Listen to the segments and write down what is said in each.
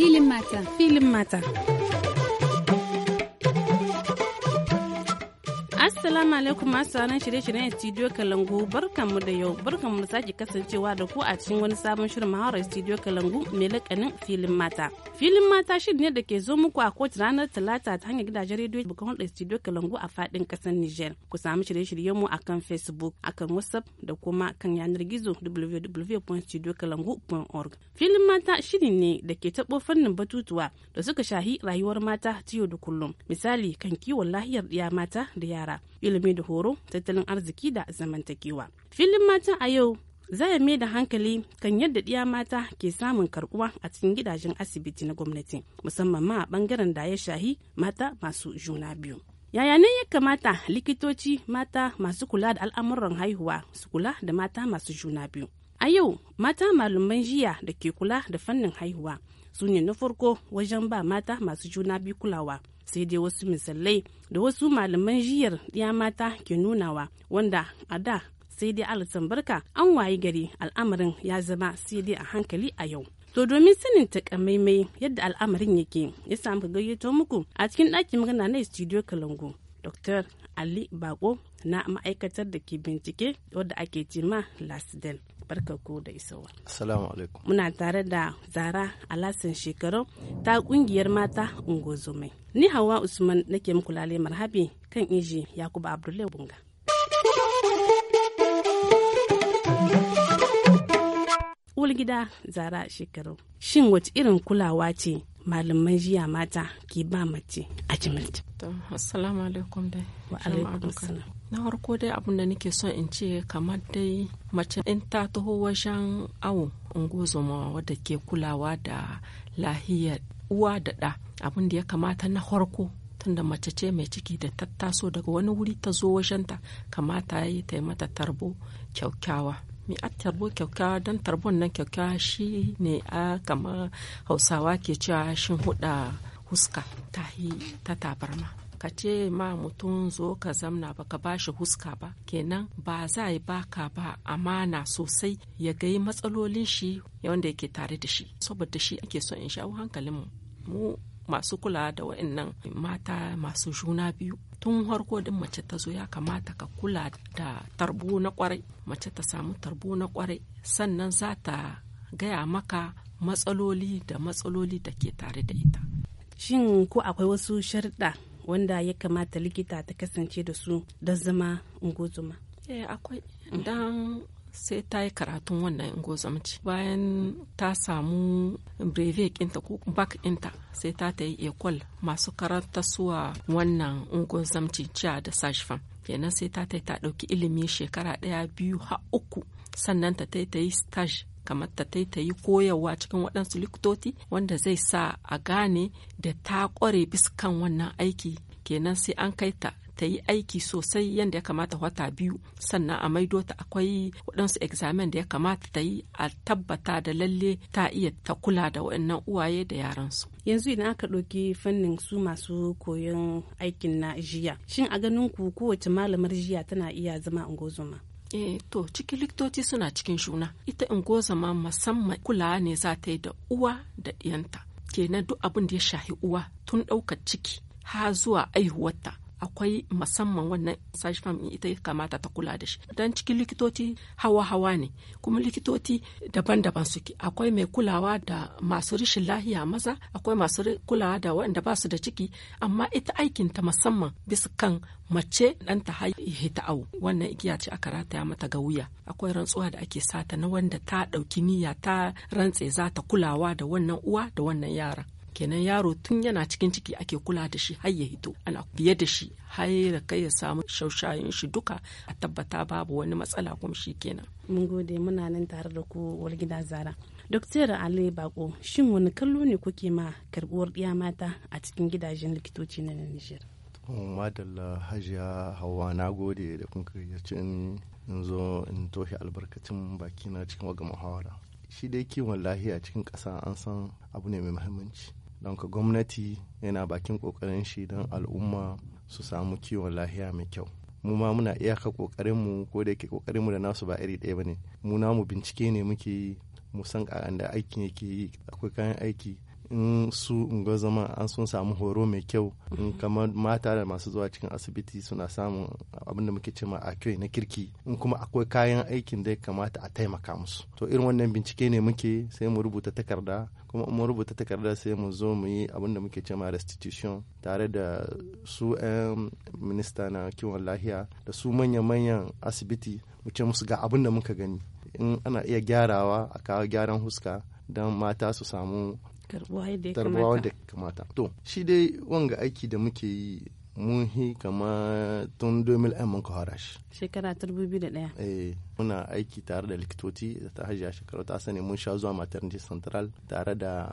Filin mata. Filin mata. Assalamu alaikum masu ranar shirye-shiryen studio Kalangu barkanmu da yau barkanmu da sake kasancewa da ku a cikin wani sabon shirin mahawarar studio Kalangu mai lakanin filin mata. Filin mata shi ne da ke zo muku a kowace ranar talata ta hanyar gidajen rediyo buka hulɗar studio Kalangu a faɗin ƙasar Niger. Ku samu shirye-shiryen mu akan Facebook, akan WhatsApp da kuma kan yanar gizo www.studiokalangu.org. Filin mata shirin ne da ke taɓo fannin batutuwa da suka shahi rayuwar mata ta da kullum. Misali kan kiwon lahiyar ɗiya mata da yara ilimi da horo tattalin arziki da zamantakewa filin mata a yau za a mai da hankali kan yadda ɗiya mata ke samun karbuwa a cikin gidajen asibiti na gwamnati musamman ma a bangaren da ya shahi mata masu juna biyu yaya ne ya kamata likitoci mata masu kula da al'amuran haihuwa su kula da mata masu juna biyu a yau mata malaman jiya da ke kula da fannin haihuwa su ne na farko wajen ba mata masu juna biyu kulawa sai dai wasu misalai da wasu malaman jiyar ya mata ke nunawa wanda a da sai dai alisan barka an wayi gari al'amarin ya zama sai dai a hankali a yau to domin sanin takamaimai yadda al'amarin yake ya samu gayyato muku a cikin ɗakin magana na studio kalangu dr ali bako na ma'aikatar da ke bincike wadda ake cema lasdel barka da isowa. Assalamu alaikum. Muna tare da Zara Alasan shekaru ta kungiyar mata Ungozomai. Ni Hawa Usman nake muku lale marhabi kan inji Yakubu Abdullahi Bunga. Ulgida Zara shekaru. Shin wace irin kulawa ce malaman jiya mata ke ba mace a jimilci? Assalamu alaikum dai. Wa alaikum na harko dai abin da nake son in ce kamar dai mace in ta taho wajen awo ungozoma wadda ke kulawa da lahiyar uwa da ɗa abin da ya kamata na harko tunda mace ce mai ciki da ta taso daga wani wuri ta zo wajenta kamata ya yi ta yi mata tarbo kyaukyawa mi a tarbo kyaukyawa don tarbon nan kyaukyawa shi ne a kamar hausawa ke cewa shin huda huska ta yi ta tabarma ka ce ma mutum zo ka zamna ba ka ba shi huska ba kenan ba za yi baka ba amana sosai ya gai matsalolin shi wanda yake tare da shi saboda shi ake so in shawo hankalin mu masu kula da wa'annan mata masu juna biyu tun harko din mace ta zo ya kamata ka kula da tarbu na kwarai mace ta samu tarbu na kwarai sannan za ta gaya maka matsaloli da matsaloli da ke tare da ita shin ko akwai wasu sharɗa wanda ya kamata likita ta kasance da su don zama ungozuma eh akwai dan sai ta yi karatun wannan ingozamci bayan ta samu breve kinta ko bak ɗinta sai ta ta yi ekol masu karanta suwa wannan ingozamci jiya da sashifan kenan sai ta ta ta ɗauki ilimi shekara ɗaya biyu ha uku sannan ta ta yi stage kamar ta ta yi koyarwa cikin waɗansu likitoci wanda zai sa a gane da ta ƙware biskan wannan aiki kenan sai an kai ta ta yi aiki sosai yadda ya kamata wata biyu sannan a maido ta akwai waɗansu examen da ya kamata ta yi a tabbata da lalle ta iya ta kula da waɗannan uwaye da yaransu. yanzu idan aka ɗauki fannin su masu koyon aikin na jiya shin a ganin ku kowace malamar jiya tana iya zama ungozuma. E, to cikin liktoci suna cikin shuna ita in zama musamman kulawa ne za ta yi da uwa da ɗiyanta kenan duk abin da ya shahi uwa tun ɗaukar ciki har zuwa aihuwarta akwai musamman wannan sashi fam ita kamata ta kula da shi don cikin likitoci hawa-hawa ne kuma likitoci daban-daban suke akwai mai kulawa da masu rishin lahiya maza akwai masu kulawa da wanda ba su da ciki amma ita aikin ta musamman bisa kan mace dan ta ta au wannan igiya ce aka ya mata ga wuya akwai rantsuwa da ake sata na wanda ta ɗauki niyya ta rantse za ta kulawa da wannan uwa da wannan yaran kenan yaro tun yana cikin ciki ake kula da shi har ya hito ana fiye da shi har da kai ya samu shaushayin shi duka a tabbata babu wani matsala kuma shi kenan mun gode muna nan tare da ku gida zara Dr. Ali Bako, shin wani kallo ne kuke ma karbuwar ɗiya mata a cikin gidajen likitoci na Nijar? Madalla Hajiya Hawa na gode da kun gayyaci in zo in toshe albarkacin baki na cikin wagama muhawara. Shi dai kiwon lahiya cikin ƙasa an san abu ne mai muhimmanci. don ka gwamnati yana bakin kokarin shi don al'umma su samu kiwon lahiya mai kyau mu ma muna iyaka mu ko da yake mu da nasu ba iri ɗaya bane mu namu bincike ne muke yi mu san da aikin yake yi akwai kayan aiki in su ungo zama an sun samu horo mai kyau in kamar mata da masu zuwa cikin asibiti suna samun abin da muke cewa a kyau na kirki in kuma akwai kayan aikin da ya kamata a taimaka musu to irin wannan bincike ne muke sai mu rubuta takarda kuma mu rubuta takarda sai mu zo mu yi abin da muke cewa restitution tare da su 'yan minista na kiwon lahiya da su manya-manyan asibiti mu ce musu ga abin da muka gani in ana iya gyarawa a kawo gyaran huska don mata su samu tarbuwa da ya kamata to shi dai wanga aiki da muke yi mun hi kama tun 2001 mun kawara shi shekara da 2001 eh muna aiki tare da likitoci da ta hajiya shekaru ta sani mun sha zuwa maternity central tare da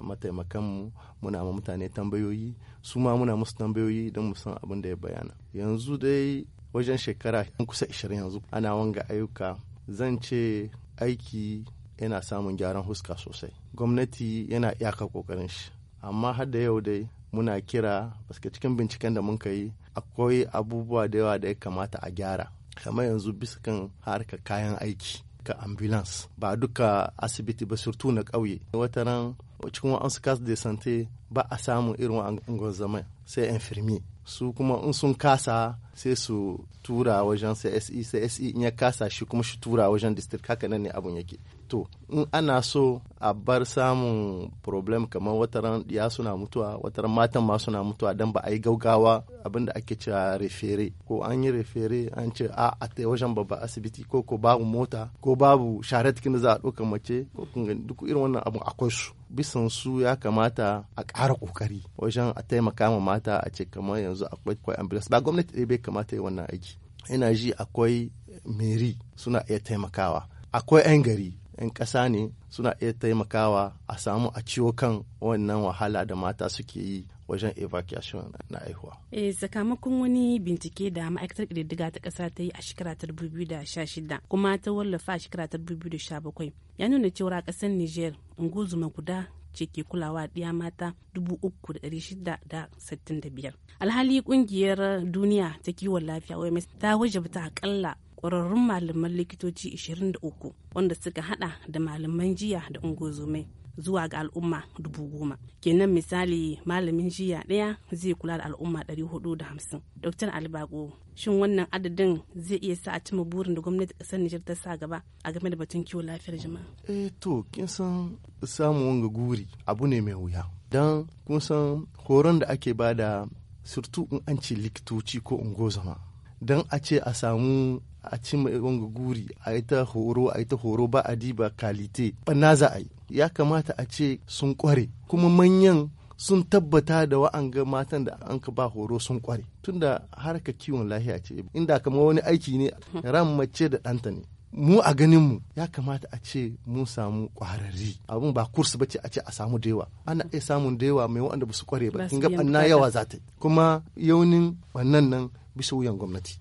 mataimakanmu muna ma mutane tambayoyi su ma muna musu tambayoyi don mu san abin da ya bayana yanzu dai wajen shekara kusa 20 yanzu ana wanga ayyuka zan ce aiki yana samun gyaran huska sosai gwamnati yana iyaka kokarin shi amma har da yau dai muna kira baske cikin binciken da mun ka yi akwai abubuwa da yawa da ya kamata a gyara kamar yanzu bisa kan harka kayan aiki ka ambulance ba duka asibiti ba surtu na ƙauye ran cikin wa'ansu kas de sante ba a samun irin wa'angon zama sai infirmier su kuma in sun kasa sai su tura wajen sai se e in ya kasa shi kuma shi tura wajen district haka nan ne abun yake to in ana so a bar samun problem kamar wataran ya suna mutuwa wataran matan ma suna mutuwa don ba a yi gaugawa abinda ake cewa refere ko an yi refere an ce a a ta wajen babba asibiti ko ko babu mota ko babu sharar da za a ɗauka mace ko duk irin wannan abu akwai su bisan su ya kamata a ƙara ƙoƙari wajen a taimaka ma mata a ce kamar yanzu akwai ambulance ba gwamnati bai kamata yi wannan aiki ina ji akwai meri suna iya taimakawa akwai 'yan gari 'yan ƙasa ne suna iya taimakawa a samu a ciwo kan wannan wahala da mata suke yi wajen evacuation na haihuwa. eh sakamakon wani bincike da ma'aikatar ƙididdiga ta ƙasa ta yi a shekara ta 2016 kuma ta wallafa a shekara ta 2017 ya nuna cewa a ƙasar Niger unguzuma guda ce ke kulawa ɗiya mata 3,665. Alhali ƙungiyar duniya ta kiwon lafiya OMS ta wajabta akalla kwararrun malaman likitoci 23 wanda suka hada da malaman jiya da ungozume zuwa ga al'umma dubu goma kenan misali malamin jiya ɗaya zai kula da al'umma 450 dr albago shin wannan adadin zai iya sa a cima burin da gwamnati kasar nijar ta sa gaba a game da batun kiwon lafiyar jama'a eh to kin san samun wanga guri abu ne mai wuya dan kun san horon da ake bada surtu in an ce likitoci ko ungozama dan a ce a samu a ci wanga guri a yi ta horo a yi ta horo ba a diba kalite ɓanna za a yi ya kamata a ce sun kware kuma manyan sun tabbata da wa'anga matan da an ka ba horo sun kware tunda harka kiwon lahiya ce inda kama wani aiki ne ran mace da ɗanta ne mu a ganin mu ya kamata a ce mun samu kwararri abun ba kursu bace a ce a samu dawa. ana iya samun da mai wanda ba su kware ba kin ga yawa za ta yi kuma yaunin wannan nan bisa wuyan gwamnati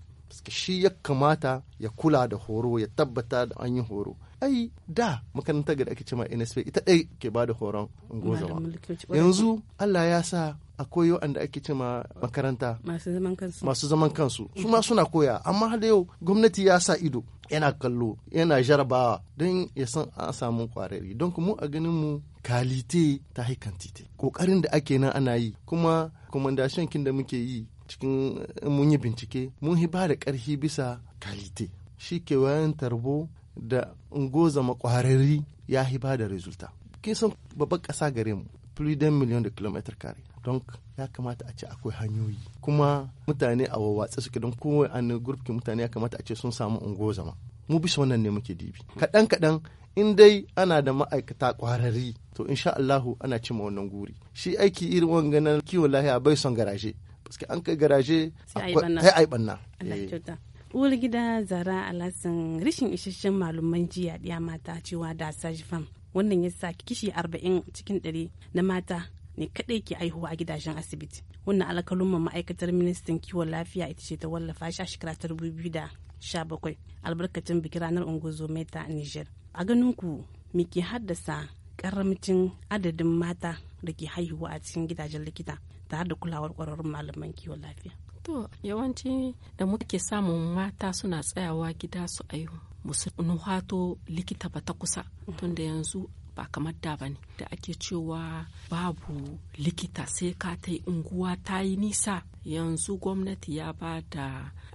shi ya kamata ya kula da horo ya tabbata da an yi horo ai da makarantar da ake cewa nsp ita ɗai ke ba da horon ungozama yanzu allah ya sa akwai wanda ake cewa makaranta masu zaman kansu su ma suna koya amma har yau gwamnati ya sa ido yana kallo yana jarabawa don ya san an samu kwarari don mu a ganin mu kalite ta haikantite kokarin da ake nan ana yi kuma kwamandashin kin da muke yi cikin mun yi bincike mun yi ba da ƙarfi bisa kalite shi kewayen tarbo da ungoza makwarari ya yi ba da resulta ke san babban ƙasa gare mu fluiden miliyan da kilometer kare don ya kamata a ce akwai hanyoyi kuma mutane a wawatsa suke don kowai an gurfi mutane ya kamata a ce sun samu ungoza ma mu bisa wannan ne muke dibi kaɗan kaɗan in dai ana da ma'aikata ƙwararri to insha Allahu ana cimma wannan guri shi aiki irin wanganan. kiwon lahiya bai son garaje Paske an kai garaje sai a yi ɓanna. Eh. uwar gida zara alasan rashin isasshen malaman jiya ɗiya mata cewa da sajifam wannan ya sa kishi arba'in cikin ɗari na mata ne kaɗai ke aihuwa a gidajen asibiti wannan alkalin ma'aikatar ministan kiwon lafiya ita ce ta wallafa shi a shekara ta bakwai albarkacin bikin ranar ungozo meta niger a ganin ku me ke haddasa karamcin adadin mata da ke haihuwa a cikin gidajen likita ta da kulawar kwararrun malaman kiwon lafiya. To yawanci da muke samun mata suna tsayawa gida su aihu musu nuhato likita ba ta kusa tunda yanzu ba kamar da ba ne da ake cewa babu likita sai ka ta yi unguwa ta yi nisa yanzu gwamnati ya ba da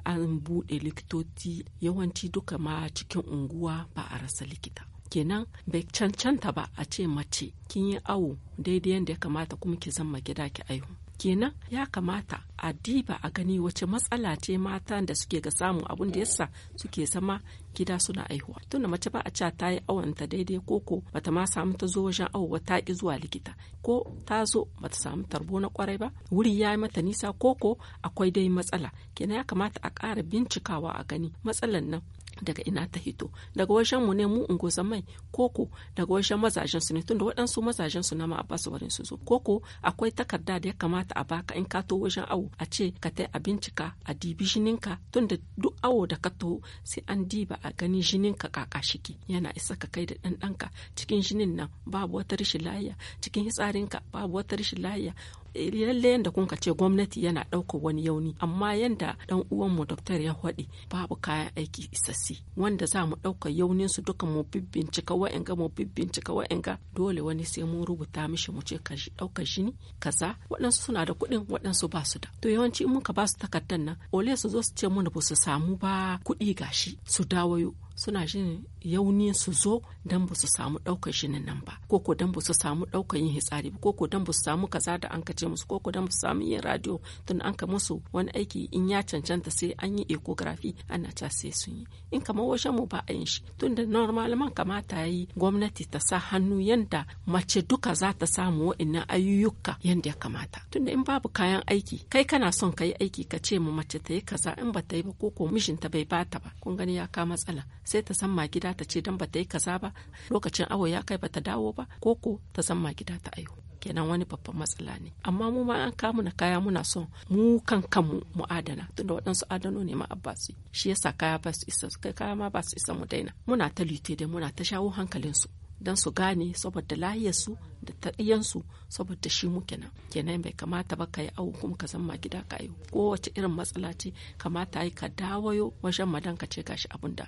an buɗe likitoci yawanci duka ma cikin unguwa ba a rasa likita kenan bai cancanta ba a ce mace kin yi awo daidai yadda ya kamata kuma ki zama gida ki aihu kenan ya kamata a diba a gani wace matsala ce matan da suke ga samun abun da yasa suke zama gida suna aihuwa tun da mace ba a ca ta yi awanta daidai koko bata ma samu ta zo wajen awo ta ki zuwa likita ko ta zo bata samu tarbo na kwarai ba wuri ya yi mata nisa koko akwai dai matsala kenan ya kamata a ƙara bincikawa a gani matsalan nan daga ina ta hito daga wajen mu ne mu ungozan mai koko daga wajen mazajen su ne tunda waɗansu mazajen su na ma ba su barin su zo koko akwai takarda da ya kamata a baka in ka to wajen awo a ce ka tai a bincika a dibi jininka tunda duk awo da ka to sai an diba a gani jininka kaka shike yana isa ka kai da ɗan ɗanka cikin jinin nan babu wata rashin lahiya cikin hitsarinka babu wata rashin lahiya lalle yadda kun ce gwamnati yana ɗaukar wani yauni amma yanda dan uwanmu doktor ya faɗi babu kayan aiki isassi wanda za mu ɗaukar yaunin su duka mu bibbincika wa'anga mu bibbincika wa'anga dole wani sai mun rubuta mishi mu ce kashi ɗaukar shi kaza waɗansu suna da kuɗin waɗansu ba su da to yawanci in muka ba su takardar nan ole su zo su ce mana ba su samu ba kuɗi gashi su dawayo suna jin yauni su zo don ba su samu ɗaukar shinin nan ba ko ko don ba su samu ɗaukar yin hitsari ba ko ko don ba su samu kaza da an kace musu ko ko don ba su samu yin radio tun an ka musu wani aiki in ya cancanta sai an yi ecography ana ta sai sun yi in kamar wajen mu ba a yin shi tun da normal man kamata yi gwamnati ta sa hannu yanda mace duka za ta samu wa'annan ayyuka yanda ya kamata tun da in babu kayan aiki kai kana son ka yi aiki ka ce ma mace ta yi kaza in ba ta yi ba ko ko mijinta bai bata ba kun gani ya ka matsala sai ta san gida ta ce dan bata yi kaza ba lokacin awo ya kai bata dawo ba ko ko ta san gida ta aihu kenan wani babban matsala ne amma mu ma an kamu na kaya muna son mu kan kanmu mu adana tunda waɗansu adano ne ma abbasu shi yasa kaya ba su isa kaya ma ba su isa mu daina muna ta lute dai muna ta shawo hankalinsu don su gane saboda lahiyarsu da taɗiyansu saboda shi mu kenan kenan bai kamata ba ka yi awo kuma ka zama gida ka yi kowace irin matsala ce kamata yi ka dawayo wajen madan ka ce gashi abin da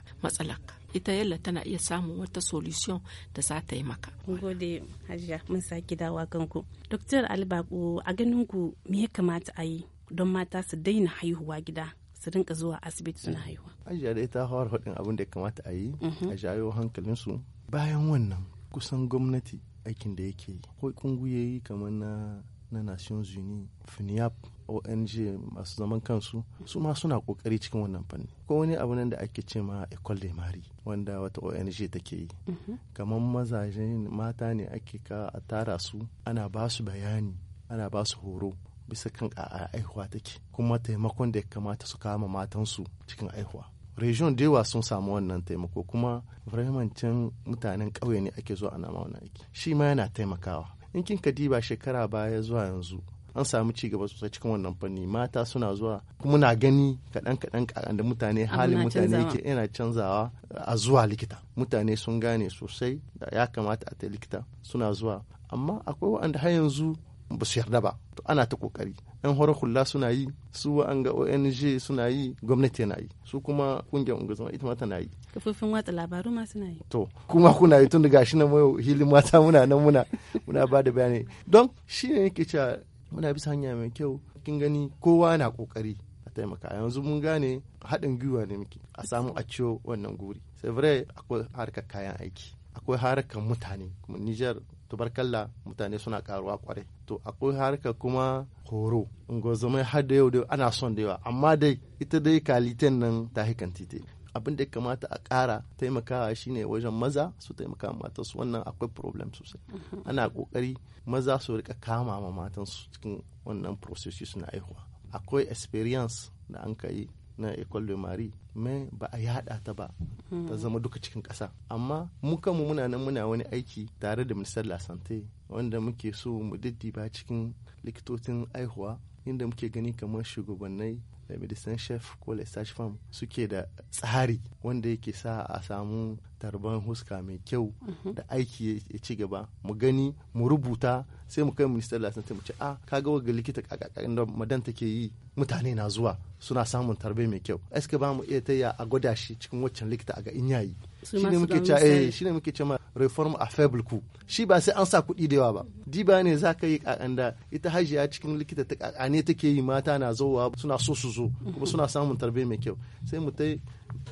ka ita yalla tana iya samun wata solution da za ta yi maka. gode hajiya mun sake dawa ku doktor albaku a ganin ku me kamata a yi don mata su daina haihuwa gida su rinka zuwa asibiti suna haihuwa. Ajiya da ita hawar hudin abin da ya kamata a yi, mhm. a jayo hankalinsu bayan wannan kusan gwamnati aikin da yake yi akwai kungiyoyi kamar na na nations unis finiap ong masu zaman kansu su ma suna kokari cikin wannan fanni ko wani abu nan da ake ce ma ecole de mari wanda wata ong take yi mm-hmm. kamar mazaje mata ne ake ka a tara su ana ba su bayani ana ba su horo bisa kan a aihuwa take kuma taimakon da ya kamata su kama matansu cikin aihuwa region da yawa sun samu wannan taimako kuma vraiment can mutanen ƙauye ne ake zuwa ana ma wannan aiki shi ma yana taimakawa in kin ka diba shekara baya zuwa yanzu an samu ci gaba sosai cikin wannan fanni mata suna zuwa kuma na gani kaɗan kaɗan kaɗan da mutane halin mutane yake yana canzawa a zuwa likita mutane sun gane sosai da ya kamata a ta likita suna zuwa amma akwai waɗanda har yanzu ba su yarda ba to ana ta kokari 'yan hula suna yi su an ga ong suna yi gwamnati na yi su kuma kungiyar unguzuma ita mata na yi kafofin watsa labaru ma suna yi to kuma kuna yi tun da gashi na mayo hilin mata muna nan muna muna ba da bayani don shi ne yake cewa muna bisa hanya mai kyau kin gani kowa na kokari a taimaka yanzu mun gane haɗin gwiwa ne muke a samu a ciwo wannan guri sai akwai harkar kayan aiki akwai harkar mutane kuma Nijar tubarkalla mutane suna karuwa kwarai to akwai harka kuma horo ungozomai har da yau da ana son da yawa amma dai ita dai kaliten nan ta hikan titi abin da ya kamata a ƙara taimakawa shine wajen maza su taimaka su wannan akwai problem sosai mm-hmm. ana ƙoƙari maza su rika kama ma matan su cikin wannan processes na aihuwa akwai experience da an ka yi na ecole marie mai ba a yada ta ba hmm. ta zama duka cikin ƙasa amma mu kanmu muna nan muna wani aiki tare da minister la santé wanda muke so mu diddiba cikin likitocin aihuwa inda muke gani kamar shugabannai da medicine chef ko les farm suke da tsari wanda yake sa a samu tarban huska mai kyau mhm. da aiki ya ci gaba mu gani mu rubuta sai mu kai minister lasan mu ce a ah, kaga ga likita kakakarin da madan take yi mutane na zuwa suna samun tarbe mai kyau eske ba mu iya tayya a gwada shi cikin waccan likita a ga in yayi Eh, shi ne muke cewa reform a faible ku shi ba sai an sa kuɗi da yawa ba diba ne za ka yi kakanda ita hajiya cikin likita ta kakane take yi mata na zowa suna so su zo kuma suna samun tarbe mai kyau sai mu tai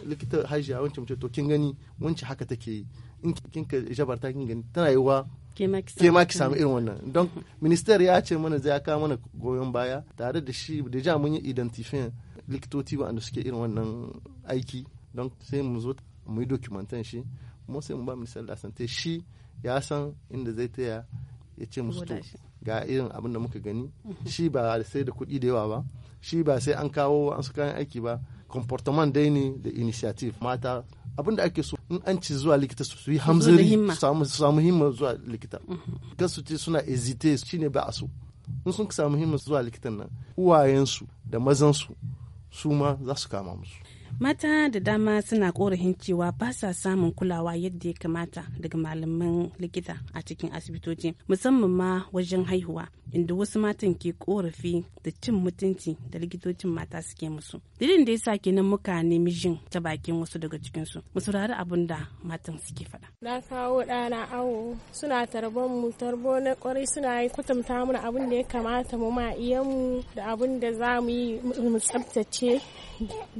likita hajiya wancan mu to kin gani wancan haka take yi in kin ka jabarta kin gani tana yiwa ke ma ki samu irin wannan don minister ya ce mana zai kawo mana goyon baya tare da shi da ja mun yi identifin likitoci ba suke irin wannan aiki don sai mu zo mu yi dokumentan shi kuma sai mu ba misal da sante shi ya san inda zai taya ya ce musu to ga irin abin da muka gani shi ba sai da kuɗi da yawa ba shi ba sai an kawo an su kayan aiki ba comportement dai ne da initiative mata abin da ake so in an ci zuwa likita su yi hamzari su samu himma zuwa likita kan su ce suna ezite ne ba a so in sun samu himma zuwa likitan nan uwayensu da mazansu su ma za su kama musu mata da dama suna korafin cewa ba sa samun kulawa yadda ya kamata daga malaman likita a cikin asibitoci musamman ma wajen haihuwa inda wasu matan ke korafi da cin mutunci da likitocin mata suke musu dalilin da yasa kenan muka nemi jin ta bakin wasu daga cikinsu mu saurari abin da matan suke faɗa na kawo ɗana awo suna tarbon mu tarbo na ƙwarai suna yi kwatanta mana abin da ya kamata mu ma iyanmu da abin da za mu yi mu tsabtace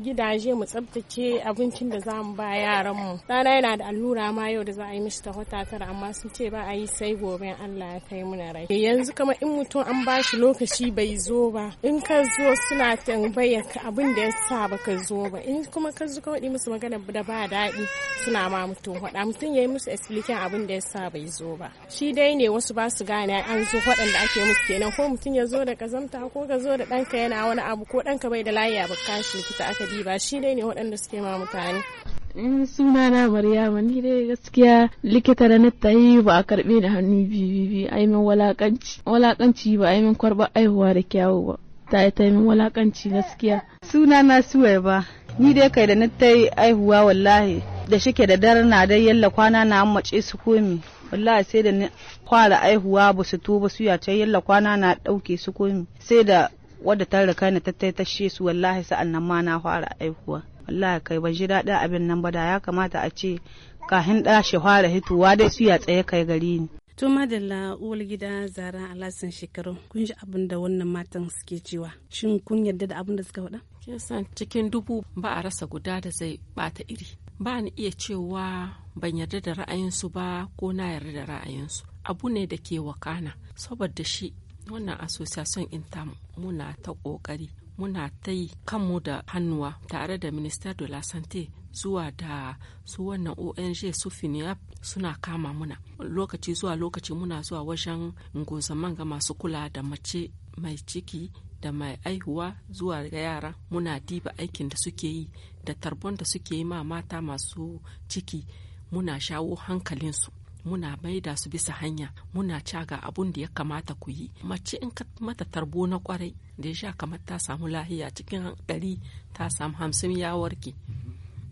gidaje mu tsabtace abincin da za mu ba yaran mu ɗana yana da allura ma yau da za a yi mishi ta wata tara amma sun ce ba a yi sai gobe Allah ya kai muna rai eh, yanzu kama in mutum an ba shi lokaci bai zo ba in ka zo suna tambayar ka abin da ya sa ba ka zo ba in kuma ka zo ka waɗi musu magana da ba daɗi suna ma mutum waɗa mutum ya yi musu explication abin da ya sa bai zo ba shi dai ne wasu ba su gane an zo da ake musu kenan ko mutum ya zo da kazamta ko ka zo da ɗanka yana wani abu ko ɗanka bai da layi a bukka likita aka diba shi dai ne waɗanda suke ma mutane in eh, suna na maryama ni dai gaskiya likita da na yi ba a karbe da hannu biyu biyu yi min walakanci walakanci ba yi min kwarba aihuwa da kyawu ba ta yi min walakanci gaskiya suna na suwai ba ni dai kai da na yi aihuwa wallahi da shike da dare na dai yalla kwana na mace su komi wallahi sai da kwara aihuwa ba su to ba su yace yalla kwana na dauke su komi sai da wadda ta rika ni ta taitashe su wallahi sa'an nan ma na fara aihuwa wallahi kai ban ji daɗi abin nan ba da ya kamata a ce kahin ɗa shi fara hituwa dai su ya tsaye kai gari ni. To madalla uwar gida zara alasan shekaru kun ji abin da wannan matan suke cewa shin kun yarda da abin da suka faɗa? Kisan cikin dubu ba a rasa guda da zai bata iri. Ba ni iya cewa ban yarda da ra'ayinsu ba ko na yarda da ra'ayinsu. Abu ne da ke wakana saboda shi wannan association intam muna ta kokari muna ta yi kanmu da hannuwa tare da minister de la sante zuwa da su wannan ong su finiap e suna kama muna lokaci zuwa lokaci muna zuwa wajen ngozaman ga masu kula da mace mai ciki da mai aihuwa zuwa ga yara muna diba aikin da suke yi da tarbon da suke yi ma mata masu ciki muna shawo hankalinsu muna maida su bisa hanya muna ga abun da ya kamata ku yi mace in ka mata tarbo na kwarai da ya kamar ta samu lahiya cikin ɗari ta samu hamsin ya warke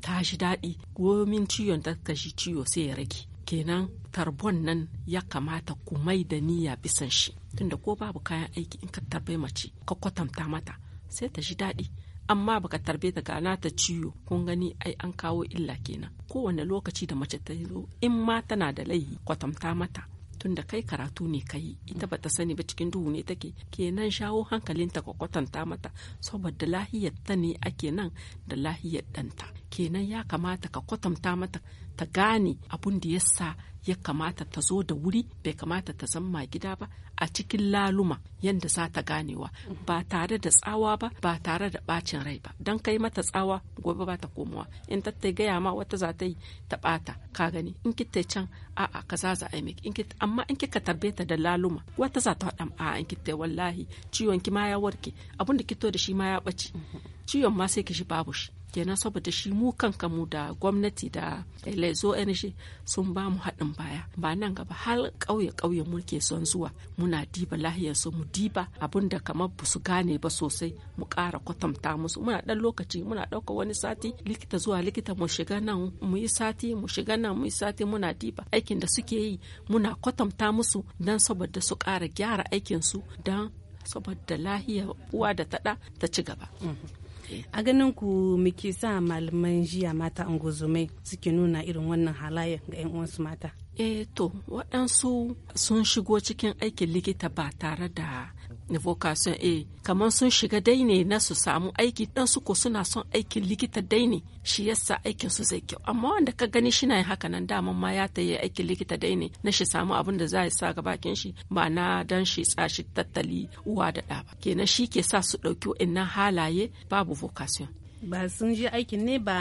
ta shi daɗi gomin ciwon ta shi ciwo sai ya rage kenan tarbon nan ya kamata ku mai da niyya bisan shi tunda ko babu kayan aiki in ka tarbai mace ka kwatanta mata sai ta shi daɗi amma baka tarbe ta gana ta ciwo kun gani ai an kawo illa kenan kowane lokaci da mace ta zo in ma tana da laihi kwatamta mata tunda kai karatu ne kai ita bata sani ba cikin duhu ne take kenan shawo hankalinta ka kwatanta mata saboda lahiyar ta ne ake nan da lahiyar danta kenan ya kamata ka kwatanta mata ta gane abun da yasa ya kamata ta zo da wuri bai kamata ta zama gida ba a cikin laluma yadda za ta ganewa ba tare da tsawa ba ba tare da bacin rai ba don kai mata tsawa gobe ba ta komowa in ta ta gaya ma wata za ta yi ta bata ka gani in ki can a'a ka za za a yi amma in kika tarbe ta da laluma wata za ta haɗa a'a in ki wallahi ciwon ki ma ya warke abin da kito da shi ma ya ɓaci ciwon ma sai ki shi babu shi kenan saboda shi mu kanka mu da gwamnati da lezo energy sun ba mu haɗin baya ba nan gaba har ƙauye ƙauye mulke son zuwa muna diba lahiyar su mu diba abun da kamar ba su gane ba sosai mu ƙara kwatanta musu muna ɗan lokaci muna ɗauka wani sati likita zuwa likita mu shiga nan mu yi sati mu shiga nan mu yi sati muna diba aikin da suke yi muna kwatanta musu don saboda su ƙara gyara aikin su don saboda lahiyar uwa da taɗa ta ci gaba. Mm-hmm. a ganin ku muke sa malaman jiya mata unguzume suke nuna irin wannan halayen ga 'yan uwansu mata eh to waɗansu sun shigo cikin aikin likita ba tare da vocation a eh, kamar sun shiga dai na su samu aiki dan su ko suna son aikin likita dai ne shi yasa aikin su zai kyau amma wanda ka gani shi na yin haka nan daman ma ya tayi aikin likita dai ne na shi samu abin da za ya sa bakin shi ba na dan shi tsashi tattali uwa da ɗa kenan shi ke sa su ɗauki wa'annan halaye babu vocation ba sun je aikin ne ba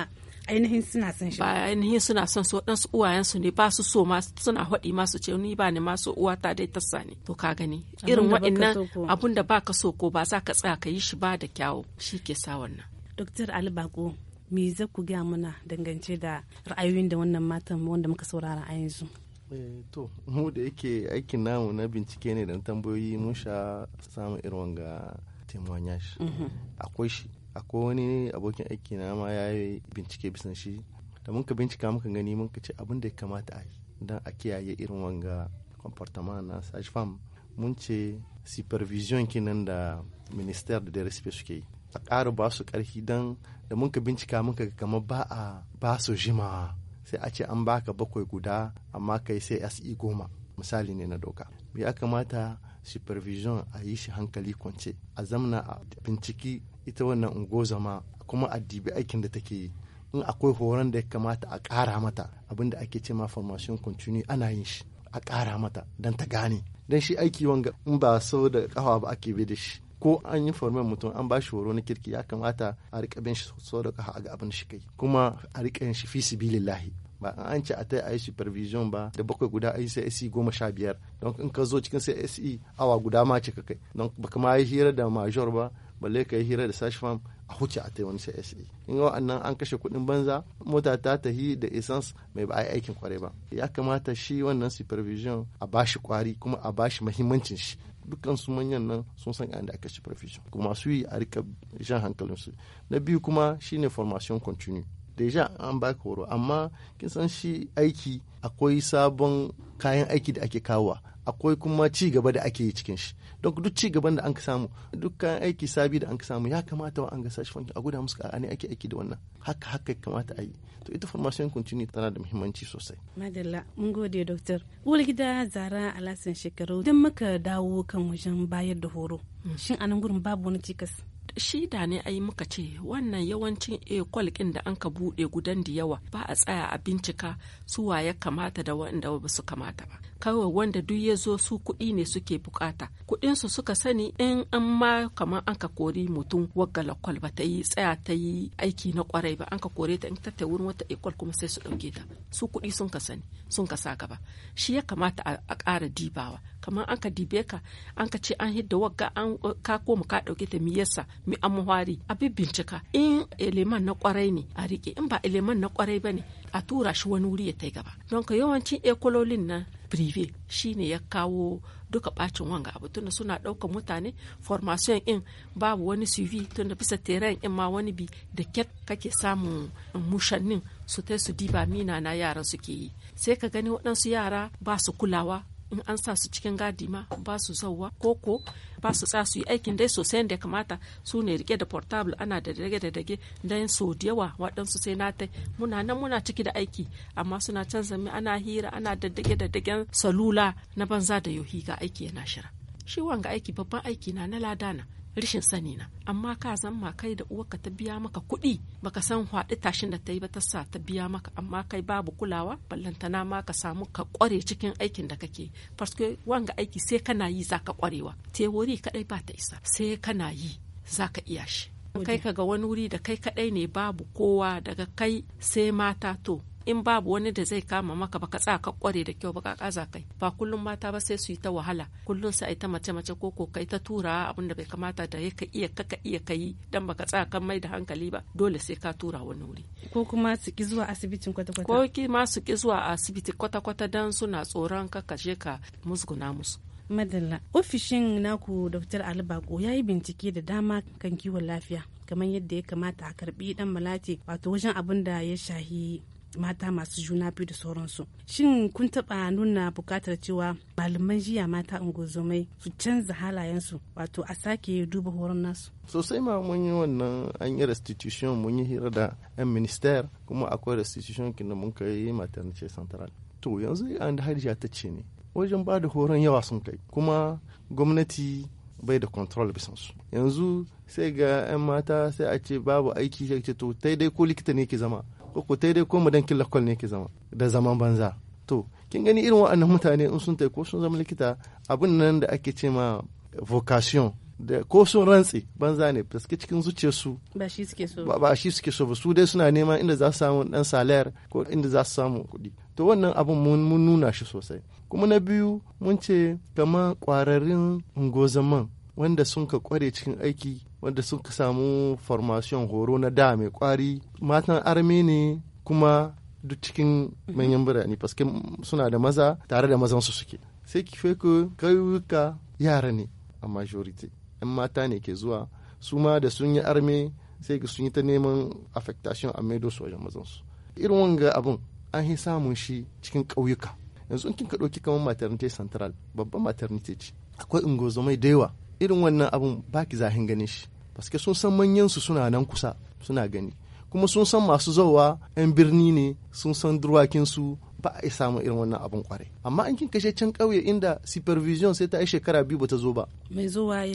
ainihin suna son shi ba ainihin suna son su waɗansu uwayensu ne ba su so ma suna haɗi ma su ce ni ba ne ma so uwa ta dai tassa ne to ka gani irin waɗannan abun da ba ka so ko ba za ka tsaya ka yi shi ba da kyawu shi ke sa wannan Dr. Ali Bako me za ku gaya mana dangance da ra'ayoyin da wannan matan wanda muka saurara a yanzu eh, to mu da yake aikin namu na bincike ne da tambayoyi mun sha samun irin wanga temoignage mhm. akwai shi akwai wani abokin aiki na ma ya yi bincike bisan shi da mun ka bincika muka gani mun ka ce abin da ya kamata a yi don a kiyaye irin wanga comportement na sage fam mun ce supervision kinan da minister da dare suke yi a ƙara ba su ƙarfi don da mun ka bincika mun ka gama ba a ba su jimawa sai a ce an baka bakwai guda amma kai sai SE goma misali ne na doka ya kamata supervision a yi shi hankali kwance a zamna a binciki ita wannan ungozama kuma a dibi aikin da take yi in akwai horon da ya kamata a ƙara mata abin da ake cewa ma formation continue ana yin shi a ƙara mata don ta gane don shi aiki wanga in ba so da kawa ba ake bi da shi ko an yi formen mutum an ba shi horo na kirki ya kamata a riƙa bin shi so da ƙafa ga abin shi kai kuma a riƙa yin shi fi sibilillahi ba an ce a ta yi supervision ba da bakwai guda yi sai SE goma sha biyar don in ka zo cikin sai SE awa guda ma ce ka kai don ba kama yi hira da major ba balle ka yi hira da sash fam a huce a tai sa sa in yi wa'annan an kashe kuɗin banza mota ta tahi da essence mai ba a yi aikin kwarai ba ya kamata shi wannan supervision a bashi kwari kuma a bashi mahimmancin shi dukkan su manyan nan sun san yadda aka ci profession kuma su yi a rika jan hankalinsu na biyu kuma shine formation continue deja an ba horo amma kin san shi aiki akwai sabon kayan aiki da ake kawowa akwai kuma ci gaba da ake yi cikin shi don duk ci gaban da an ka samu dukkan aiki sabi da an ka samu ya kamata wa an ga sashi a guda musu a ne ake aiki da wannan haka haka kamata a yi to ita formation continue tana da muhimmanci sosai madalla mun gode doctor uwar gida zara alasan shekaru don muka dawo kan wajen bayar da horo mm. shin anan gurin babu wani cikas shi shida ne yi muka ce wannan yawancin ekol ɗin da an ka buɗe gudan da yawa ba a tsaya a bincika su wa ya kamata da wanda ba su kamata ba kawai wanda duk ya zo su kuɗi ne suke bukata kuɗin su suka sani in an ma kamar an ka kori mutum waggala kwal ba ta yi tsaya ta yi aiki na kwarai ba an ka kore ta in ta ta wurin wata ekol kuma sai su ɗauke ta su kuɗi sun ka sani sun ka sa gaba shi ya kamata a ƙara dibawa kamar an ka dibe ka an ka ce an hidda wagga an uh, ka koma ka dauke ta miyarsa mi an muhari a bincika in eleman na kwarai ne a rike in ba eleman na kwarai ba ne a tura shi wani wuri ya ta gaba don ka yawancin ekololin na prive shine ya kawo duka bacin wanga abu tunda suna ɗaukar mutane formation in babu wani cv tunda bisa teren in ma wani bi da ket kake samun mushannin su ta su diba mina na yaran suke yi sai ka gani waɗansu yara ba su kulawa in an sa su cikin gadi ma ba su zauwa koko ba su sa su yi aikin dai sosai da kamata su ne rike da portable ana da dage da dage dan so da yawa waɗansu sai na tai muna nan muna ciki da aiki amma suna canza mi ana hira ana da dage da dagen salula na banza da yohi ga aiki yana shira shi wanga aiki babban aiki na na ladana rishin sani na amma ka san ma kai da uwarka ta biya maka kuɗi baka san hwaɗi tashin da ta yi ba ta sa ta biya maka amma kai babu kulawa ballantana ma ka samu ka kware cikin aikin da kake parce wanga aiki sai kana yi zaka kwarewa teori kadai ba ta isa sai kana yi zaka iya shi kai ka ga wani wuri da kai kadai ne babu kowa daga kai sai mata to in babu wani da zai kama maka baka tsaya ka kware da kyau baka kaza kai ba kullum mata ba sai su yi ta wahala kullum sai ta mace mace ko ko kai ta tura abin da bai kamata da ka iya kaka iya kai dan baka tsaya kan mai da hankali ba dole sai ka tura wani wuri ko kuma su ki zuwa asibitin kwata kwata ko ki ma su ki zuwa asibiti kwata kwata dan suna tsoron ka kashe ka musguna musu madalla ofishin naku dr ali bako ya yi bincike da dama kan kiwon lafiya kamar yadda ya kamata a karbi dan malati wato wajen abin da ya shahi mata masu juna biyu da sauransu shin kun taba nuna bukatar cewa malaman jiya mata ungozomai su canza halayensu wato a sake duba horon nasu sosai ma mun yi wannan an yi restitution mun yi hira da yan minister kuma akwai restitution kin da mun kai maternity central to yanzu an da hajiya ta ce ne wajen ba da horon yawa sun kai kuma gwamnati bai da control bisan su yanzu sai ga 'yan mata sai a ce babu aiki sai ce to dai ko likita ne ke zama ko ko dai ko madan killa lakwal ne ke zama da zaman banza to kin gani irin wa'annan mutane in sun tai ko sun zama likita abin nan da ake ce ma vocation da ko sun rantsi. banza ne suke cikin zuciyarsu ba shi suke so ba shi suke so ba su dai suna neman inda za su samu dan salayar ko inda za su samu kuɗi to wannan abin mun nuna shi sosai kuma na biyu mun ce kamar kwararren ungozaman wanda sun ka kware cikin aiki wanda sun ka samu formation horo na da mai kwari matan armi ne kuma duk cikin manyan birane paske suna da maza tare da su suke sai ki feku kayuka yara ne a majority yan mata ne ke zuwa su ma da sun yi arme sai ga sun yi ta neman affectation a maido su wajen mazansu irin wanga abun an yi samun shi cikin ƙauyuka yanzu in kin ka ɗauki kamar maternity central babban maternity ce akwai mai da yawa irin wannan abun baki zahin ganin shi paske sun san manyan suna nan kusa suna gani kuma sun san masu zowa 'yan birni ne sun san durwakin su ba a samu irin wannan abin kwarai amma an kin kashe can ƙauye inda supervision sai ta yi shekara biyu ba ta zo ba mai zo mai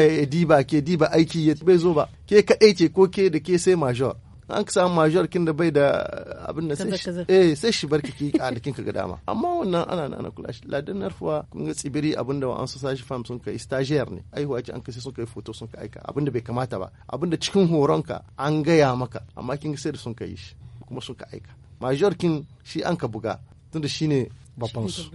ya diba ke diba aiki ya bai zo ba ke kaɗai ce ko ke da ke sai major an ka samu majiyar kin da bai da abin da sai shi eh, barki ki kwanakin ka ga dama amma wannan ana ana kula shi ladan narfuwa kun ga tsibiri abin da an fam sun kai stagiaire ne aihuwa ce an kai sun kai foto sun kai aika abin da bai kamata ba abin da cikin horonka an gaya maka amma kin ga sai da sun kai shi kuma sun ka aika major kin shi an ka buga tunda shine babansu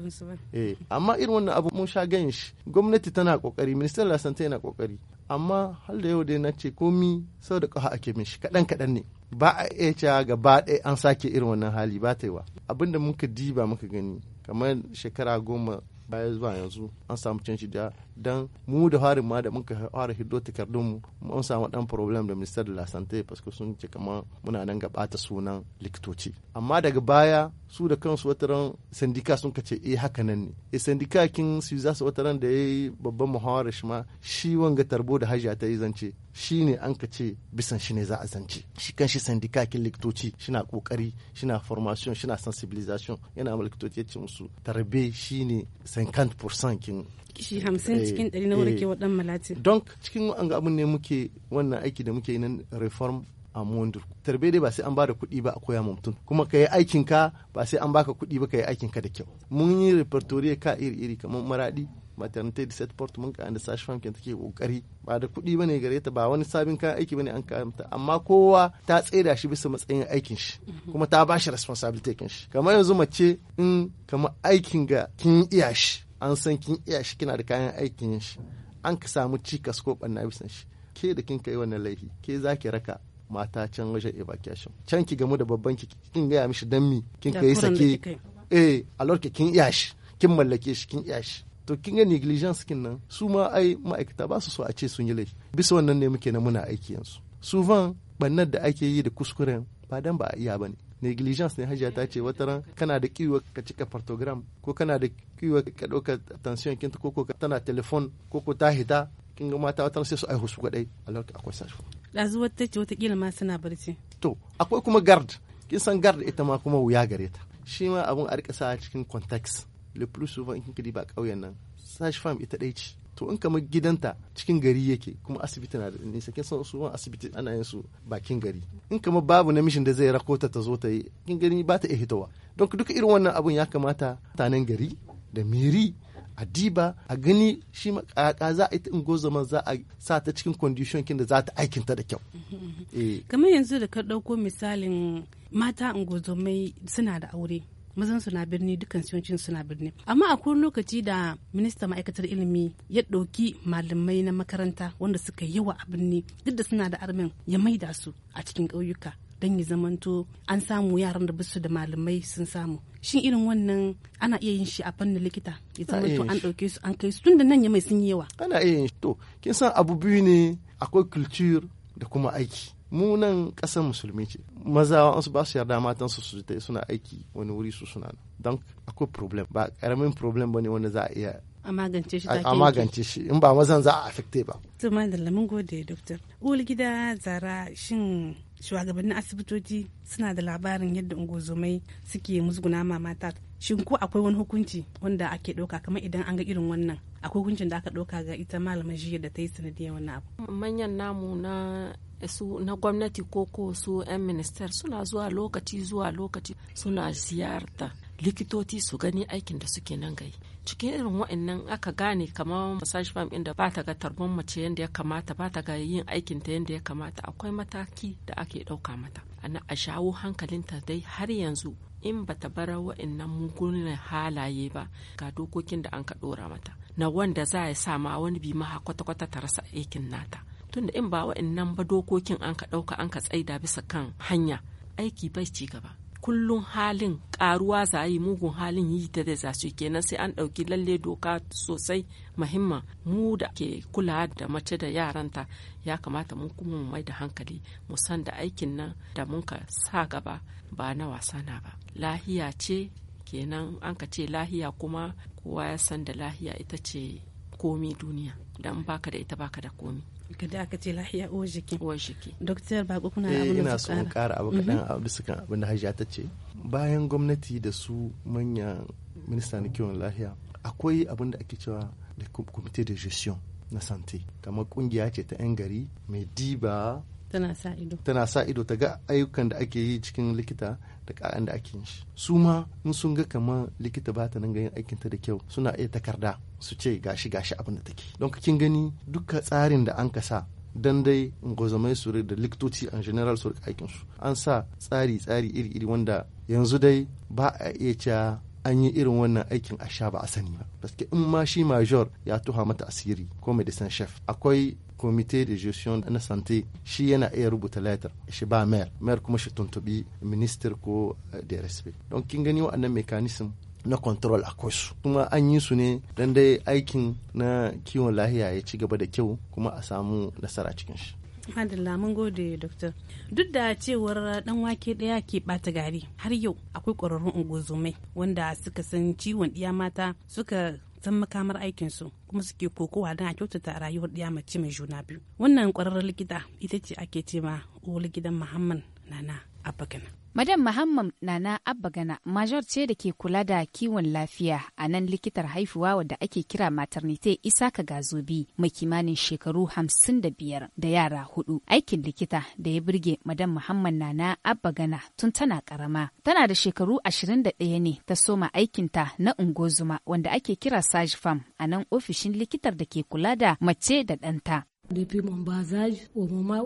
eh amma irin wannan abu mun sha ganin shi gwamnati tana kokari ministan lasanta yana kokari amma hal da yau dai na ce komi sau da kaha ake min shi kadan kadan ne ba a iya cewa gaba ɗaya an sake irin wannan hali ba ta yi wa abinda muka diba muka gani kamar shekara goma baya zuwa yanzu an samu canci da dan mu da harin ma da muka fara hiddo takardun mu an samu dan problem da minister de la santé parce que sun ce kamar muna nan ta sunan likitoci amma daga baya su da kansu ran sandika sun kace eh haka nan ne e sandika kin su za su ran da yayi babban muhawara shi ma shi wanga tarbo da hajiya ta yi zance shi ne an kace bisan shi ne za a zance shi kan shi sandika kin likitoci shina kokari shina formation shina sensibilisation yana ma likitoci ce musu tarbe shi ne 50% kin shi 50 eh, cikin 100 na eh. warke wadan malati donc cikin wannan abun ne muke wannan aiki da muke yi nan reform a mundur tarbe dai ba sai an bada kuɗi ba a koya ma mutum kuma ka yi aikin ka ba sai an baka kuɗi ba ka yi aikin ka da kyau mun yi repertoriya ka iri iri kamar maradi maternity de set port mun ka da sash farm kin take kokari ba da kuɗi bane gare ta ba wani sabin kayan aiki bane an karanta amma kowa ta tsaida shi bisa matsayin aikin shi mhm. kuma ta bashi responsibility kin shi kamar yanzu mace in kamar aikin ga kin iya shi an san kin iya shi kina da kayan aikin shi an ka samu cikas ko banna bisan shi ke da kin kai wannan laifi ke zaki raka mata can wajen evacuation can ki gamu da babban ki kin gaya mishi dan mi kin kai sake eh a lorke kin iya shi kin mallake shi kin iya shi to kin ga negligence kin nan su ma ai ma'aikata ba su so a ce sun yi laifi bisa wannan ne muke na muna aiki yanzu su van bannar da ake yi da kuskuren ba dan ba a iya bane negligence ne hajiya ta ce wata ran kana da kiwo ka cika partogram ko kana da kiwo ka dauka tension kin ko ko tana telephone ko ko ta hita kin ga mata wata sai su aihu su gwadai a lokacin akwai sashi ɗazu wata ce watakila ma suna barci. To, akwai kuma gard Kin san gard ita ma kuma wuya gare ta. Shi ma abun a rika sa cikin context. Le plus souvent in kinkiri ba ƙauyen nan. Sash fam ita ɗai ce. To in kamar gidanta cikin gari yake kuma asibiti na da nisa kin san su asibiti ana yin su bakin gari. In kamar babu namijin da zai rakota ta zo ta yi kin gani ba ta iya hitowa. Don duka irin wannan abun ya kamata mutanen gari da miri a diba a gani shi makaka za a ita in za a sa ta cikin condition kin da za ta aikinta da kyau eh. kamar yanzu da ka ɗauko misalin mata ungozomai suna da aure mazan suna birni dukkan siyoncin suna birni amma akwai lokaci da minista ma'aikatar ilimi ya ɗauki malamai na makaranta wanda suka yawa a birni duk da suna da armin ya maida su a cikin ƙauyuka don yi zamanto an samu yaran da basu da malamai sun samu shin irin wannan ana iya yin shi a fannin likita ya to an dauke su an kai su tun da nan ya mai sun yawa ana iya yin shi to kin san abu biyu ne akwai culture da kuma aiki mu nan kasar musulmi ce maza wasu ba su yarda matan su su ta suna aiki wani wuri su suna don akwai problem ba karamin problem ba ne wanda za a iya a magance shi a magance shi in ba mazan za a affecte ba to malam mun gode doctor ul gida zara shin shugabannin asibitoci suna da labarin yadda ungozomai suke musguna ma mata shin ko akwai wani hukunci wanda ake ɗauka kamar idan an ga irin wannan akwai hukuncin da aka ɗauka ga ita malamar jiya da ta yi sanadiyar wannan abu manyan namu na su na gwamnati ko ko su 'yan minister suna zuwa lokaci zuwa lokaci suna ziyarta likitoci su gani aikin da suke nan gai cikin irin wa'annan aka gane kamar massage farm inda ba ta ga tarbon mace yadda ya kamata ba ta ga yin aikin ta yadda ya kamata akwai mataki da ake ɗauka mata ana a shawo hankalinta dai har yanzu in ba ta bar wa'annan mugunan halaye ba ga dokokin da an ka ɗora mata na wanda za ya sa ma wani bi maha kwata-kwata ta rasa aikin nata tunda in ba wa'annan ba dokokin an ka ɗauka an ka tsaida bisa kan hanya aiki bai ci gaba kullum halin karuwa za a yi mugun halin yi ta da zasu kenan sai an ɗauki lalle doka sosai muhimman mu da ke kula da mace da yaranta ya kamata mun kuma mu mai da hankali mu san da aikin nan da mun ka sa gaba ba na wasa na ba lahiya ce kenan an ka ce lahiya kuma kowa ya san da lahiya ita ce komi duniya dan baka da ita baka da komi kada aka ce lahiya uwar jiki uwar jiki doktor bako kuna eh, abin da ina so kara abu kadan mm-hmm. abu sukan abin da hajiya ta ce bayan gwamnati da su manyan minista na kiwon lahiya akwai abin da ake cewa da comité de gestion na santé kamar kungiya ce ta 'yan gari mai diba tana sa ido tana sa ido ta ga ayyukan da ake yi cikin likita da ƙa'an da ake yi shi su ma in sun ga kamar likita ba ta nan ganin aikinta da kyau suna iya takarda su ce gashi gashi abin da take don kin gani duka tsarin da an ka sa dan dai gozamai su da likitoci a general su aikin su an sa tsari tsari iri iri wanda yanzu dai ba a iya cewa an yi irin wannan aikin a sha ba a sani ba in ma shi major ya tuha mata asiri ko medicine chef akwai comité de gestion na santé shi yana iya rubuta letter shi ba mayor mayor kuma shi tuntubi minister ko eh, drsp don kin gani waɗannan mechanism na control a su kuma an yi su ne don dai aikin na kiwon lahiya ya ci gaba da kyau kuma a samu nasara cikin shi Alhamdulillah mun gode doktor. Duk da cewar dan wake daya ke bata gari har yau akwai ƙwararrun unguzumai wanda suka san ciwon ɗiya mata suka zan makamar aikinsu kuma suke kokowa don a kyautata rayuwar ɗiya mace mai juna biyu wannan kwararren likita ita ce ake cewa ma uwar gidan muhammad nana abagana madam muhammad nana abagana major ce da ke kula da kiwon lafiya a nan likitar haifuwa wadda ake kira maternity isaka gazobi mai kimanin shekaru hamsin da biyar da yara hudu aikin likita da ya birge madam muhammad nana abagana tun tana karama tana da shekaru ashirin ɗaya ne ta soma aikinta na ungozuma wanda ake kira farm a nan ofishin likitar da ke kula da mace da ɗanta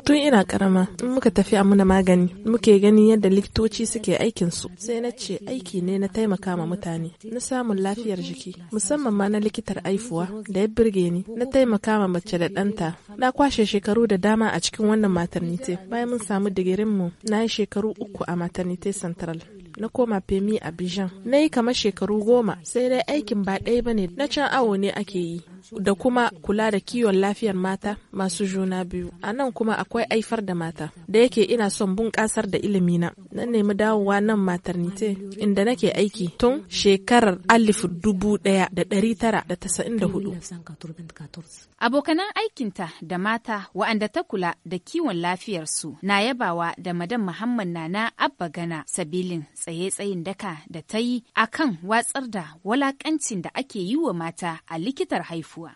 Tun ina karama in muka tafi a muna magani muke gani yadda likitoci suke aikin su sai na ce aiki ne na taimaka ma mutane na samun lafiyar jiki musamman ma na likitar aifuwa da ya birge ni na taimaka ma mace da ɗanta na kwashe shekaru da dama a cikin wannan maternity bayan mun samu digirin mu na yi shekaru uku a maternity central na koma Femi Bijan. Na yi kamar shekaru goma sai dai aikin ba ɗaya ba ne na can awo ne ake yi. Da kuma kula da kiwon lafiyar mata masu juna biyu. A nan kuma akwai aifar da mata. Da yake ina son bunƙasar da ilimina. Na nemi dawowa nan nite inda nake aiki tun shekarar alifu dubu ɗaya da ɗari tara da tasa'in da hudu. Abokanan aikinta da mata wa'anda ta kula da kiwon lafiyarsu na yabawa da Madam Muhammad Nana Abba Gana sabilin tsaye tsayin daka da ta yi a kan watsar da walakancin da ake yi wa mata a likitar haifuwa.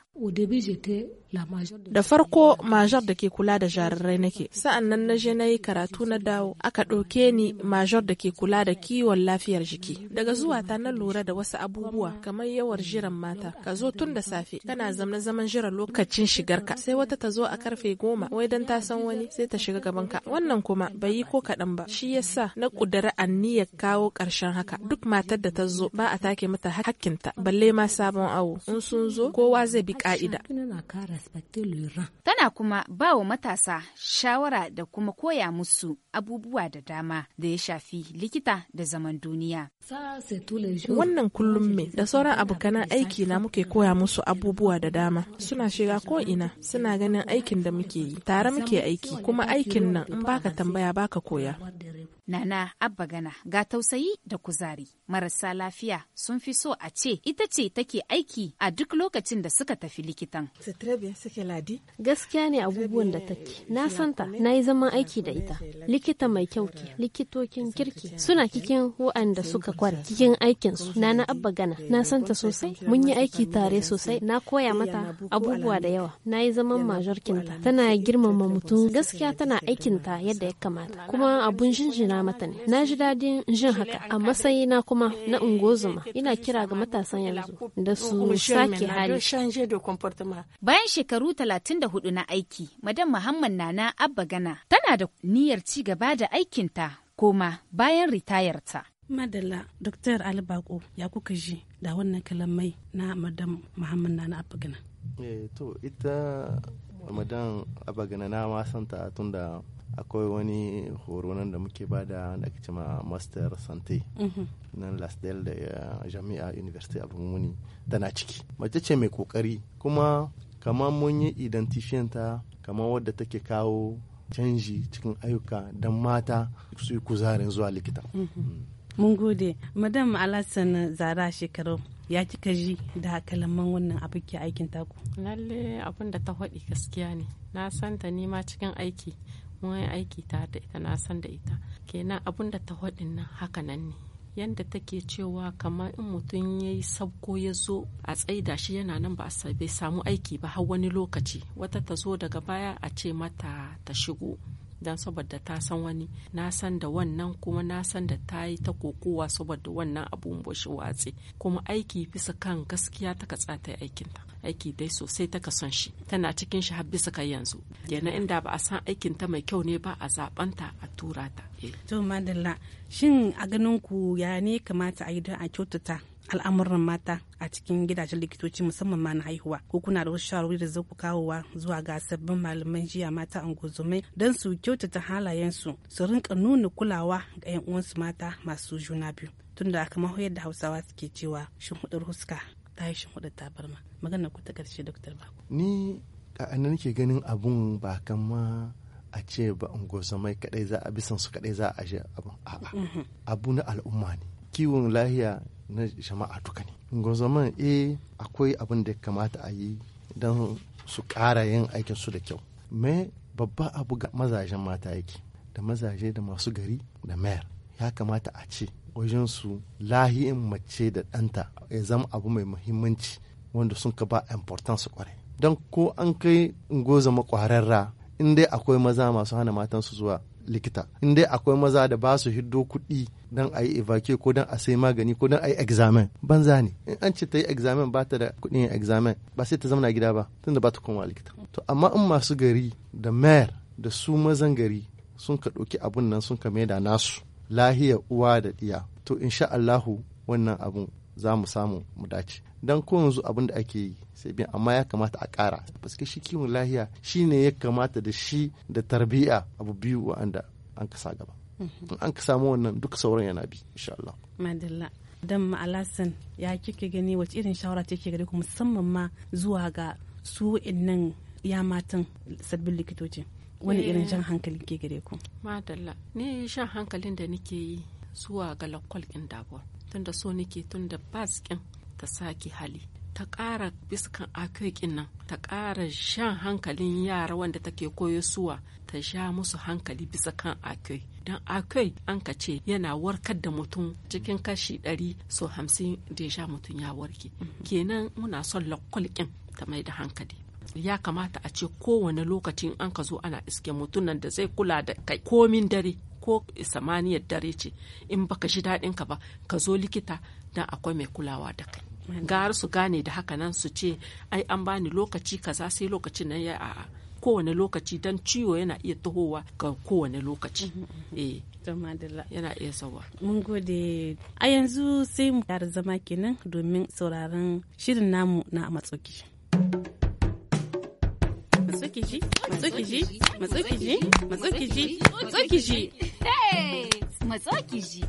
Da farko major da ke kula da jarirai nake, sa'an nan na je na yi karatu na dawo, aka ɗauke ni major da ke kula da kiwon lafiyar jiki. Daga zuwa ta na lura da wasu abubuwa kamar yawar jiran mata, ka zo tun da safe, kana zama zaman jiran lokacin shigarka, sai wata ta zo a karfe goma, wai dan ta san wani sai ta shiga gaban ka Wannan kuma bai yi ko kaɗan ba, shi yasa na ƙudura aniyar kawo ƙarshen haka. Duk matar da ta zo ba a take mata hakkinta, balle ma sabon awo, in sun zo kowa zai bi ƙa'ida. Tana kuma ba wa matasa shawara da kuma koya musu abubuwa da dama da ya shafi likita da zaman duniya. Wannan kullum me da sauran abokanan aiki na muke koya musu abubuwa da dama. Suna shiga ko ina, suna ganin aikin da muke yi, tare muke aiki, kuma aikin nan in baka tambaya baka koya. Nana Abba Gana ga tausayi da kuzari. Marasa lafiya sun fi so a ce ita ce take aiki a duk lokacin da suka tafi likitan. Gaskiya ne abubuwan da take. Na santa na yi zaman aiki da ita. Likita mai kyau ke, likitokin kirki suna kikin waɗanda suka kwarai. cikin aikin su na na abba gana na santa sosai mun yi aiki tare sosai na koya mata abubuwa da yawa na yi zaman majorkinta tana girmama mutum gaskiya tana aikinta yadda ya kamata kuma abun jinjina mata ne na ji dadin jin haka a matsayina kuma na ungozuma ina kira ga matasan yanzu da su sake hali bayan shekaru talatin da hudu na aiki madam muhammad nana abba gana tana da niyyar ci gaba da aikinta koma bayan ritayarta madalla dr ali bako ya kuka ji da wannan kalamai na madam muhammad nana abagana eh to ita madam abagana na ma santa tunda akwai wani horo nan da muke bada da ake cema master sante mhm. nan del da eh, jami'a university da tana ciki mace ce mai kokari kuma kamar mun yi identifiyan ta kamar wadda take kawo canji cikin ayyuka don mata su yi kuzarin zuwa likita mhm. mm. mun gode madam alasan zara shekaru ya kika ji da kalaman wannan abu ke aikin taku lalle abin da ta haɗi gaskiya ne na san ta ma cikin aiki mun yi aiki ta da ita na san da ita kenan abin da ta haɗi nan haka nan ne yadda take cewa kamar in mutum ya yi sabko ya zo a tsaida shi yana nan ba a bai samu aiki ba har wani lokaci wata ta zo daga baya a ce mata ta shigo don saboda ta san wani na san da wannan kuma na san da ta yi ta kokowa saboda wannan abun shi watsi kuma aiki bisa kan gaskiya ta katsa ta aikinta aiki dai sosai ta ka son shi tana cikin shi har bisa kai yanzu kenan inda ba a san aikin ta mai kyau ne ba a zabanta a tura ta to madalla shin a ganin ku ya ne kamata a yi don a kyautata al'amuran mata a cikin gidajen likitoci musamman ma na haihuwa ko kuna da wasu shawarwari da zaku kawowa zuwa ga sabbin malaman jiya mata angozomai don su kyautata halayensu su rinka nuna kulawa ga 'yan uwansu mata masu juna biyu tunda kamar yadda hausawa suke cewa shimfiɗar huska ta yi shimfiɗar tabarma maganar ku ta karshe doktor bako ni a nan ke ganin abun ba kama a ce ba ungozomai kadai za a bisan su kadai za a mhm. abu na al'umma ne kiwon lahiya na jama'a duka ne gwazaman eh akwai abin da kamata a yi don su ƙara yin aikin su da kyau me babba abu ga mazajen mata yake da mazaje da masu gari da mayar ya kamata a ce wajen su lahiyin mace da ɗanta ya zama abu mai muhimmanci wanda sun ka ba importance kwarai don ko an kai gozama kwararra in dai akwai maza masu hana matansu zuwa likita in dai akwai maza da ba su hiddo kuɗi don a yi evake ko don a sai magani ko don a yi examen banza ne in an ce ta yi examen ba ta da kuɗin yin examen ba sai ta zama gida ba tun da ba ta koma likita to amma in masu gari da mayar da su mazan gari sun ka ɗauki abun nan sun ka maida nasu lahiya uwa da ɗiya to insha Allahu wannan abun za mu samu mu dace don ko yanzu abin da ake yi sai biyan amma ya kamata a ƙara paske shi kiwon lahiya shi ne ya kamata da shi da tarbiya abu biyu wa'anda an kasa gaba mhm. in an ka samu wannan duk sauran yana bi insha Allah madalla dan ma'alasan ya kike gani wace irin shawara take gare ku musamman ma zuwa ga su innan ya matan sabbin likitoci wani irin jan hankalin ke gare ku madalla ne shan hankalin da nake yi zuwa ga lakwal in dabo tunda so nake tunda bas baskin ta sake hali ta ƙara biskan akokin nan ta ƙara shan hankalin yara wanda take koyo suwa ta sha musu hankali bisa kan akwai don akwai an ka ce yana warkar da mutum cikin kashi ɗari so hamsin da ya sha mutum ya warke mhm. kenan muna son lakwalƙin ta mai da hankali ya kamata a ce kowane lokacin an ka zo ana iske mutum nan da zai kula da kai komin dare ko samaniyar dare ce in baka ji daɗin ka ba ka zo likita dan akwai mai kulawa da kai har su gane da haka nan su ce ai an bani lokaci kaza sai lokacin nan ya a'a kowane lokaci dan ciwo yana iya tahowa ga kowane lokaci mm-hmm, mm-hmm. eh yana iya sauwa mun gode a yanzu sai mu yar zama kenan domin sauraron shirin namu na matsoki ji, ji, ji, matsoki ji, matsoki ji. matso ki ji.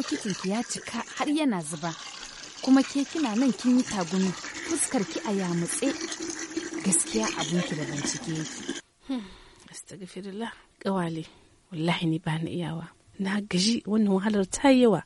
bokitin ki ya cika har yana zuba kuma ke kina nan kin yi tagumi fuskar ki a yamutse gaskiya abun ki da bincike yake hmm, astagfirullah kawale wallahi ni ba na iyawa na gaji wannan wahalar ta yawa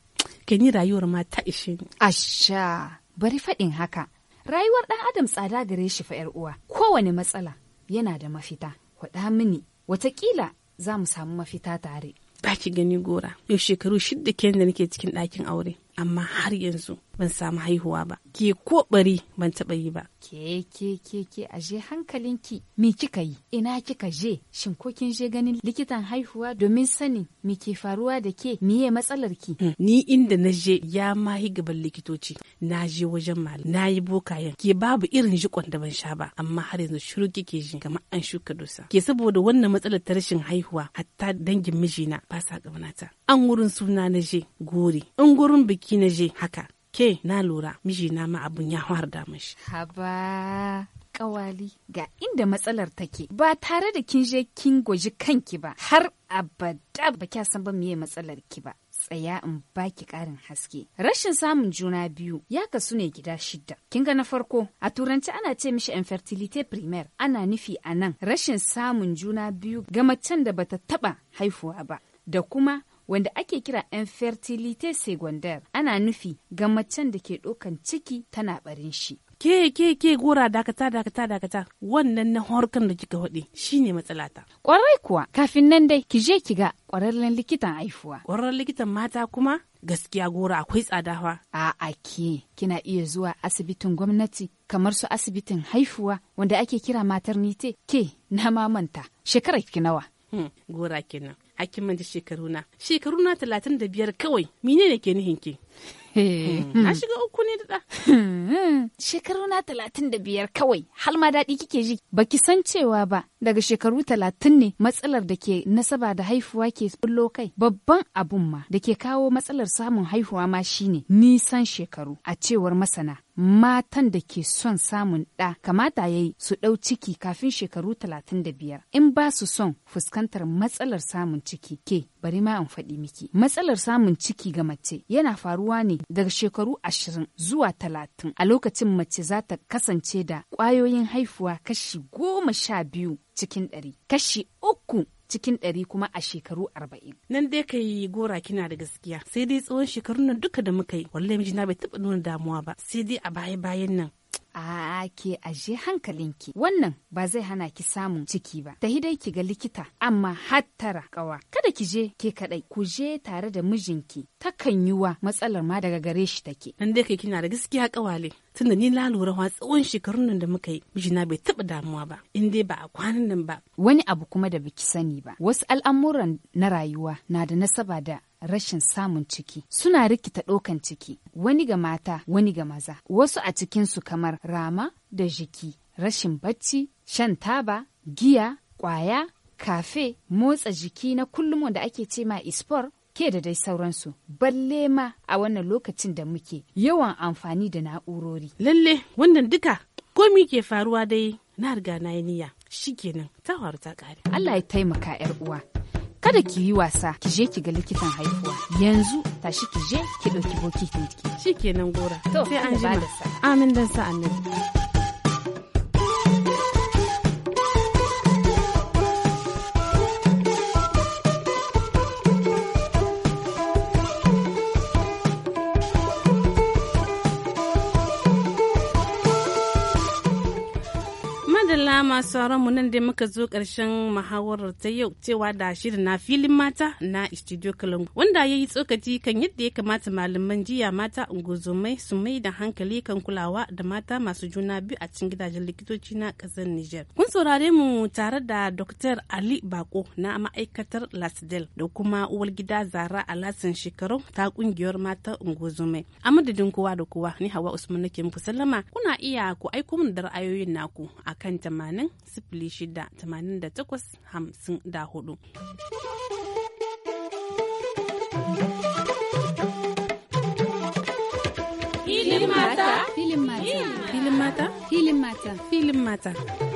ke ni rayuwar ma ta ishe ni asha bari faɗin haka rayuwar ɗan adam tsada gare shi fa uwa kowane matsala yana da mafita faɗa mini watakila za mu samu mafita tare baki gani gora yau shekaru shidda kenan da nake cikin ɗakin aure amma har yanzu ban samu haihuwa ba ke ko bari ban taba yi ba ke ke ke ke aje hankalinki me kika yi ina kika je shin ko kin je ganin likitan haihuwa domin sanin me ke faruwa da ke miye matsalar ki hmm, ni inda na je ya ma gaban likitoci na je wajen malam na yi bokayen ke babu irin jikon da ban sha ba amma har yanzu shiru kike ji kamar an shuka dosa ke saboda wannan matsalar ta rashin haihuwa hatta dangin mijina ba sa ƙaunata an wurin suna na je gori in gurin biki na je haka ke na lura mijina ma abun ya har da mashi. Haba. kawali ga inda matsalar take ba tare da kin je kin goji kanki ba har abada ba kya san ba meye matsalar ki ba tsaya in baki karin haske rashin samun juna biyu ya kasu ne gida shidda kin ga na farko a turanci ana ce mishi infertility primaire ana nufi a nan rashin samun juna biyu ga macen da bata taba haifuwa ba da kuma wanda ake kira infertility secondaire ana nufi ga macen da ke ɗaukan ciki tana barin shi ke ke ke gora dakata dakata dakata wannan na horkan da kika hode shine matsalata kwarai kuwa kafin nan dai ki je ki ga kwararren likitan haifuwa kwararren likitan mata kuma gaskiya gora akwai tsadawa a'a ke kina iya zuwa asibitin gwamnati kamar su asibitin haifuwa wanda ake kira maternité. ke na mamanta shekarar ki nawa hmm, gora kenan da shekaru na shekaruna shekaruna talatin da biyar kawai mine ne ke nihin ki na shiga uku ne da shekaruna talatin da biyar kawai hal ma daɗi kike ji baki san cewa ba daga shekaru talatin ne matsalar da ke nasaba da haihuwa ke bullo kai babban abun ma da ke kawo matsalar samun haihuwa ma shine nisan shekaru a cewar masana matan da ke son samun ɗa kamata ya yi su ɗau ciki kafin shekaru talatin da biyar in ba su son fuskantar matsalar samun ciki ke bari ma in faɗi miki matsalar samun ciki ga mace yana faruwa ne daga shekaru ashirin zuwa talatin a lokacin mace za ta kasance da ƙwayoyin haifuwa kashi goma sha biyu cikin ɗari kashi uku cikin ɗari kuma a shekaru arba'in. Nan dai ka yi gora kina da gaskiya sai dai tsawon shekarun nan duka da muka yi wallahi na bai taɓa nuna damuwa ba sai dai a baya bayan nan a ke aje hankalinki wannan ba zai hana ki samun ciki ba ta dai ki ga likita amma hattara kawa kada ki je ke kadai ku je tare da mijinki takan yiwa matsalar ma daga gare shi take nan dai kai kina da gaskiya kawale tunda ni na lura wa tsawon shekarun nan da muka yi mijina bai taba damuwa ba in dai ba a kwanan nan ba wani abu kuma da biki sani ba wasu al'amuran na rayuwa na da nasaba da rashin samun ciki suna rikita ɗaukan ciki wani ga mata wani ga maza wasu a cikinsu kamar rama da jiki rashin bacci shan taba giya ƙwaya kafe motsa jiki na kullum da ake ce ma ispor ke da dai sauransu balle ma a wannan lokacin da muke yawan amfani da na'urori lalle wannan duka komi ke faruwa dai na riga na yi niyya shikenan ta faru ta kare Allah ya taimaka yar uwa kada ki yi wasa ki je ki ga likitan haihuwa yanzu tashi ki je ki ɗauki bokitin ki kenan gora to sai an ji amin dan sa annabi masu mu nan dai muka zo ƙarshen muhawarar ta yau cewa da shirin na filin mata na studio kalangu wanda ya yi tsokaci kan yadda ya kamata malaman jiya mata ungozomai su mai da hankali kan kulawa da mata masu juna biyu a cikin gidajen likitoci na ƙasar niger Kun saurare mu tare da Dr. Ali Bako na ma'aikatar Lasdel da kuma uwar gida Zara lasin shekaru ta ƙungiyar mata ungozomai. A madadin kowa da kowa ni Hawa Usman nake muku sallama kuna iya ku aiko mun da ra'ayoyin naku akan tamanin tamanin sifili shida tamanin mata, filin mata, filin mata, filin mata, filin mata.